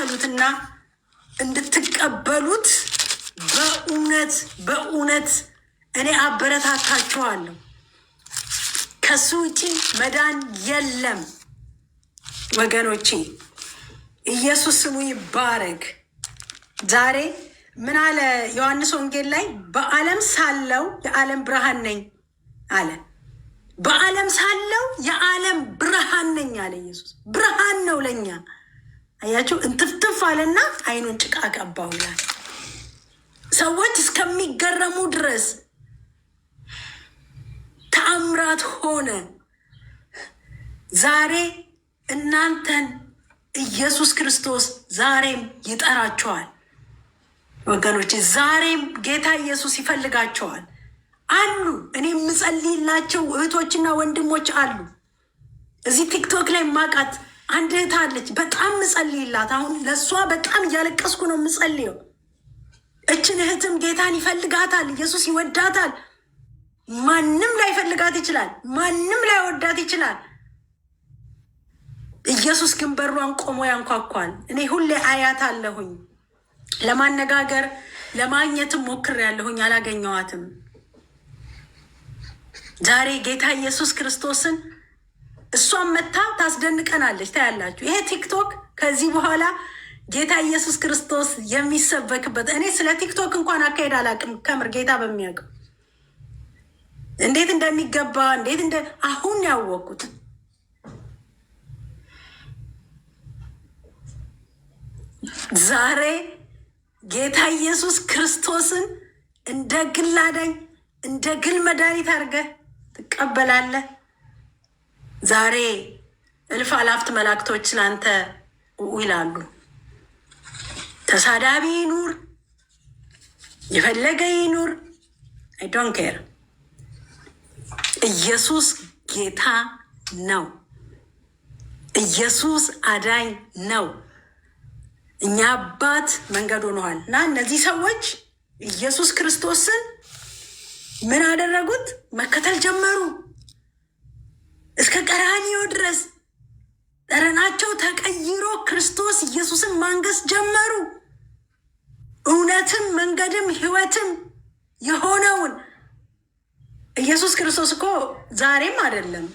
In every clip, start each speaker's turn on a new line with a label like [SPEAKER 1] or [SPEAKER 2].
[SPEAKER 1] እንድትከተሉትና እንድትቀበሉት በእውነት በእውነት እኔ አበረታታችኋለሁ። ከሱ ውጪ መዳን የለም ወገኖቼ። ኢየሱስ ስሙ ይባረግ። ዛሬ ምን አለ ዮሐንስ ወንጌል ላይ? በዓለም ሳለው የዓለም ብርሃን ነኝ አለ። በዓለም ሳለው የዓለም ብርሃን ነኝ አለ ኢየሱስ። ብርሃን ነው ለእኛ አያችሁ እንትፍትፍ አለና አይኑን ጭቃ ቀባው ይላል። ሰዎች እስከሚገረሙ ድረስ ተአምራት ሆነ። ዛሬ እናንተን ኢየሱስ ክርስቶስ ዛሬም ይጠራቸዋል ወገኖች፣ ዛሬም ጌታ ኢየሱስ ይፈልጋቸዋል አሉ። እኔ የምጸልይላቸው እህቶችና ወንድሞች አሉ እዚህ ቲክቶክ ላይ ማቃት አንድ እህት አለች፣ በጣም ምጸልይላት። አሁን ለእሷ በጣም እያለቀስኩ ነው ምጸልየው። እችን እህትም ጌታን ይፈልጋታል፣ ኢየሱስ ይወዳታል። ማንም ላይፈልጋት ይችላል፣ ማንም ላይወዳት ይችላል። ኢየሱስ ግን በሯን ቆሞ ያንኳኳል። እኔ ሁሌ አያት አለሁኝ ለማነጋገር ለማግኘትም ሞክር ያለሁኝ አላገኘዋትም። ዛሬ ጌታ ኢየሱስ ክርስቶስን እሷን መታ ታስደንቀናለች። ታያላችሁ። ይሄ ቲክቶክ ከዚህ በኋላ ጌታ ኢየሱስ ክርስቶስ የሚሰበክበት እኔ ስለ ቲክቶክ እንኳን አካሄድ አላውቅም። ከምር ጌታ በሚያውቅም እንዴት እንደሚገባ እንዴት እንደ አሁን ያወቁት ዛሬ ጌታ ኢየሱስ ክርስቶስን እንደ ግል አዳኝ እንደ ግል መድኃኒት አድርገህ ትቀበላለህ። ዛሬ እልፍ አላፍት መላእክቶች ለአንተ ይላሉ። ተሳዳቢ ይኑር የፈለገ ይኑር፣ አይ ዶን ኬር። ኢየሱስ ጌታ ነው። ኢየሱስ አዳኝ ነው። እኛ አባት መንገድ ሆነዋል እና እነዚህ ሰዎች ኢየሱስ ክርስቶስን ምን አደረጉት? መከተል ጀመሩ። እስከ ቀራንዮ ድረስ ጠረናቸው ተቀይሮ ክርስቶስ ኢየሱስን ማንገስ ጀመሩ። እውነትም መንገድም ህይወትም የሆነውን ኢየሱስ ክርስቶስ እኮ ዛሬም አይደለም።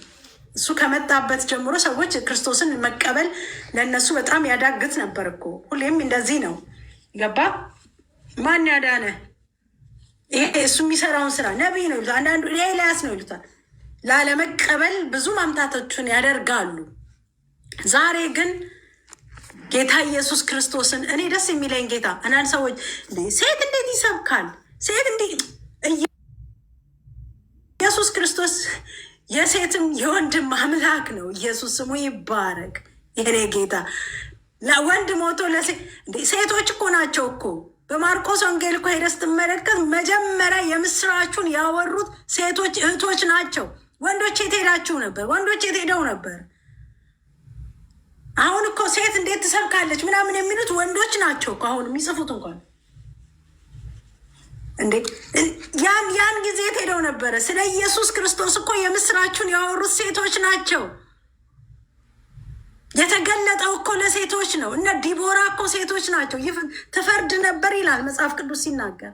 [SPEAKER 1] እሱ ከመጣበት ጀምሮ ሰዎች ክርስቶስን መቀበል ለእነሱ በጣም ያዳግት ነበር እኮ። ሁሌም እንደዚህ ነው። ገባ? ማን ያዳነ? ይሄ እሱ የሚሰራውን ስራ ነቢይ ነው ይሉታል። አንዳንዱ ኤልያስ ነው ይሉታል። ላለመቀበል ብዙ ማምታቶቹን ያደርጋሉ። ዛሬ ግን ጌታ ኢየሱስ ክርስቶስን እኔ ደስ የሚለኝ ጌታ እናን ሰዎች ሴት እንዴት ይሰብካል? ሴት እንዴት ኢየሱስ ክርስቶስ የሴትም የወንድም አምላክ ነው። ኢየሱስ ስሙ ይባረግ። የኔ ጌታ ወንድ ሞቶ ሴቶች እኮ ናቸው እኮ በማርቆስ ወንጌል እኮ ሄደህ ስትመለከት መጀመሪያ የምስራቹን ያወሩት ሴቶች እህቶች ናቸው። ወንዶች የት ሄዳችሁ ነበር? ወንዶች የት ሄደው ነበር? አሁን እኮ ሴት እንዴት ትሰብካለች ምናምን የሚሉት ወንዶች ናቸው እኮ አሁን የሚጽፉት እንኳን እንዴ ያን ያን ጊዜ የት ሄደው ነበረ? ስለ ኢየሱስ ክርስቶስ እኮ የምስራችሁን ያወሩት ሴቶች ናቸው። የተገለጠው እኮ ለሴቶች ነው። እነ ዲቦራ እኮ ሴቶች ናቸው። ትፈርድ ነበር ይላል መጽሐፍ ቅዱስ ሲናገር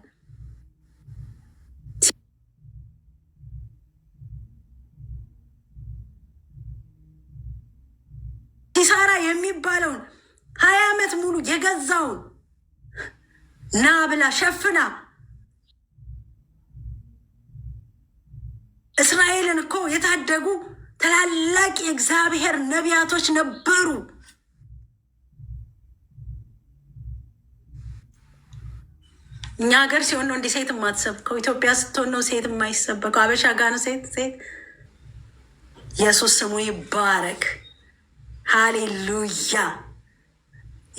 [SPEAKER 1] ያለውን ሀያ ዓመት ሙሉ የገዛውን ና ብላ ሸፍና እስራኤልን እኮ የታደጉ ታላላቅ የእግዚአብሔር ነቢያቶች ነበሩ። እኛ ሀገር ሲሆን ነው እንዲህ ሴት የማትሰብከው። ኢትዮጵያ ስትሆን ነው ሴት የማይሰበከው። አበሻ ጋር ነው ሴት ሴት። ኢየሱስ ስሙ ይባረክ። ሃሌሉያ!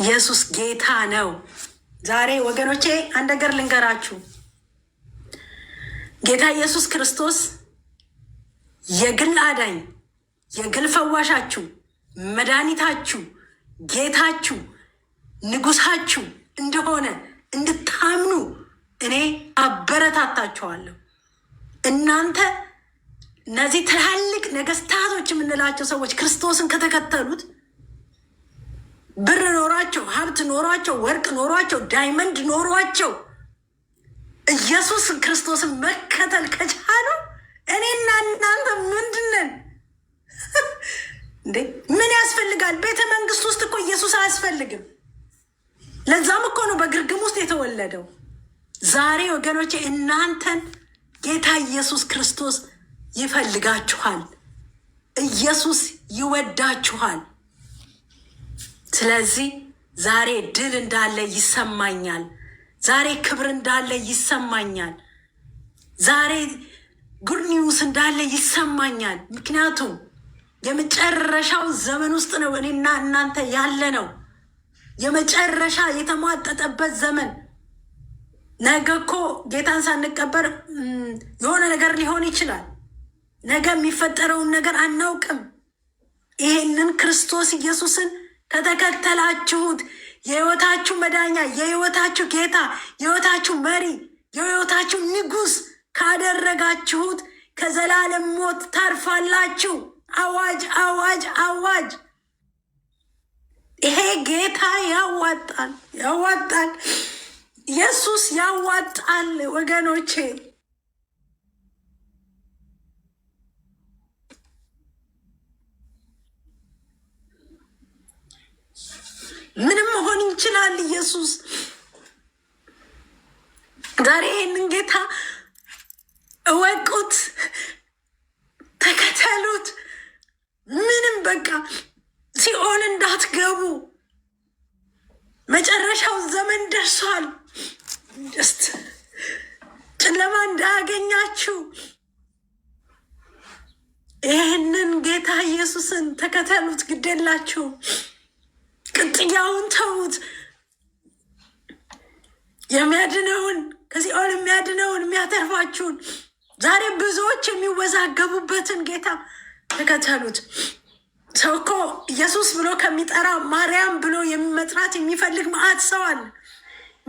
[SPEAKER 1] ኢየሱስ ጌታ ነው። ዛሬ ወገኖቼ አንድ ነገር ልንገራችሁ። ጌታ ኢየሱስ ክርስቶስ የግል አዳኝ፣ የግል ፈዋሻችሁ፣ መድኃኒታችሁ፣ ጌታችሁ፣ ንጉሳችሁ እንደሆነ እንድታምኑ እኔ አበረታታችኋለሁ እናንተ እነዚህ ትላልቅ ነገስታቶች የምንላቸው ሰዎች ክርስቶስን ከተከተሉት ብር ኖሯቸው፣ ሀብት ኖሯቸው፣ ወርቅ ኖሯቸው፣ ዳይመንድ ኖሯቸው ኢየሱስ ክርስቶስን መከተል ከቻሉ እኔና እናንተ ምንድነን እንዴ? ምን ያስፈልጋል? ቤተ መንግስት ውስጥ እኮ ኢየሱስ አያስፈልግም። ለዛም እኮ ነው በግርግም ውስጥ የተወለደው። ዛሬ ወገኖቼ እናንተን ጌታ ኢየሱስ ክርስቶስ ይፈልጋችኋል። ኢየሱስ ይወዳችኋል። ስለዚህ ዛሬ ድል እንዳለ ይሰማኛል። ዛሬ ክብር እንዳለ ይሰማኛል። ዛሬ ጉድ ኒውስ እንዳለ ይሰማኛል። ምክንያቱም የመጨረሻው ዘመን ውስጥ ነው እኔና እናንተ ያለ ነው። የመጨረሻ የተሟጠጠበት ዘመን። ነገ እኮ ጌታን ሳንቀበር የሆነ ነገር ሊሆን ይችላል። ነገ የሚፈጠረውን ነገር አናውቅም። ይሄንን ክርስቶስ ኢየሱስን ከተከተላችሁት የህይወታችሁ መዳኛ፣ የህይወታችሁ ጌታ፣ የህይወታችሁ መሪ፣ የህይወታችሁ ንጉስ ካደረጋችሁት ከዘላለም ሞት ታርፋላችሁ። አዋጅ! አዋጅ! አዋጅ! ይሄ ጌታ ያዋጣል፣ ያዋጣል። ኢየሱስ ያዋጣል ወገኖቼ። ምንም መሆን ይችላል። ኢየሱስ ዛሬ ይህንን ጌታ እወቁት፣ ተከተሉት። ምንም በቃ ሲኦል እንዳትገቡ። መጨረሻው ዘመን ደርሷል። ጀስት ጨለማ እንዳያገኛችሁ። ይህንን ጌታ ኢየሱስን ተከተሉት። ግደላችሁ ቅጥያውን ተዉት። የሚያድነውን ከዚህ የሚያድነውን የሚያተርፋችሁን ዛሬ ብዙዎች የሚወዛገቡበትን ጌታ ተከተሉት። ሰው እኮ ኢየሱስ ብሎ ከሚጠራ ማርያም ብሎ የሚመጥራት የሚፈልግ መዓት ሰው አለ።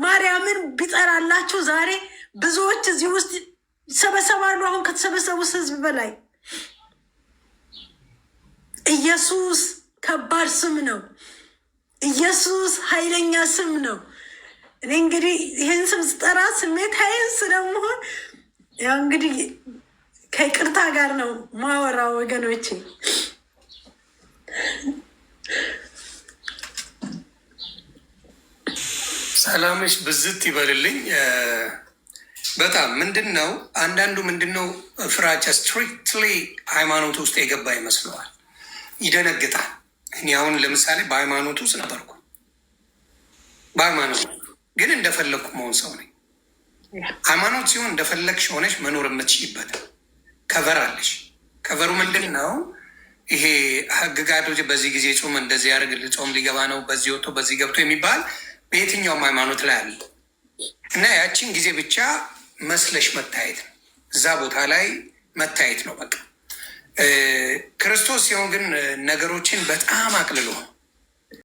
[SPEAKER 1] ማርያምን ቢጠራላችሁ ዛሬ ብዙዎች እዚህ ውስጥ ይሰበሰባሉ። አሁን ከተሰበሰቡት ህዝብ በላይ ኢየሱስ ከባድ ስም ነው። ኢየሱስ ኃይለኛ ስም ነው። እኔ እንግዲህ ይህን ስም ስጠራ ስሜት ኃይል ስለመሆን ያው እንግዲህ ከይቅርታ ጋር ነው ማወራ ወገኖቼ።
[SPEAKER 2] ሰላምሽ ብዝት ይበልልኝ። በጣም ምንድን ነው አንዳንዱ ምንድን ነው ፍራቻ ስትሪክትሊ ሃይማኖት ውስጥ የገባ ይመስለዋል፣ ይደነግጣል እኔ አሁን ለምሳሌ በሃይማኖት ውስጥ ነበርኩ። በሃይማኖት ግን እንደፈለግኩ መሆን ሰው ነኝ። ሃይማኖት ሲሆን እንደፈለግሽ ሆነሽ መኖር የምትችይበት ከቨር አለሽ። ከቨሩ ምንድን ነው? ይሄ ህግጋቶች በዚህ ጊዜ ጾም እንደዚህ ያደርግ ጾም ሊገባ ነው፣ በዚህ ወጥቶ በዚህ ገብቶ የሚባል በየትኛውም ሃይማኖት ላይ አለ እና ያቺን ጊዜ ብቻ መስለሽ መታየት ነው። እዛ ቦታ ላይ መታየት ነው በቃ ክርስቶስ ሲሆን ግን ነገሮችን በጣም አቅልሎ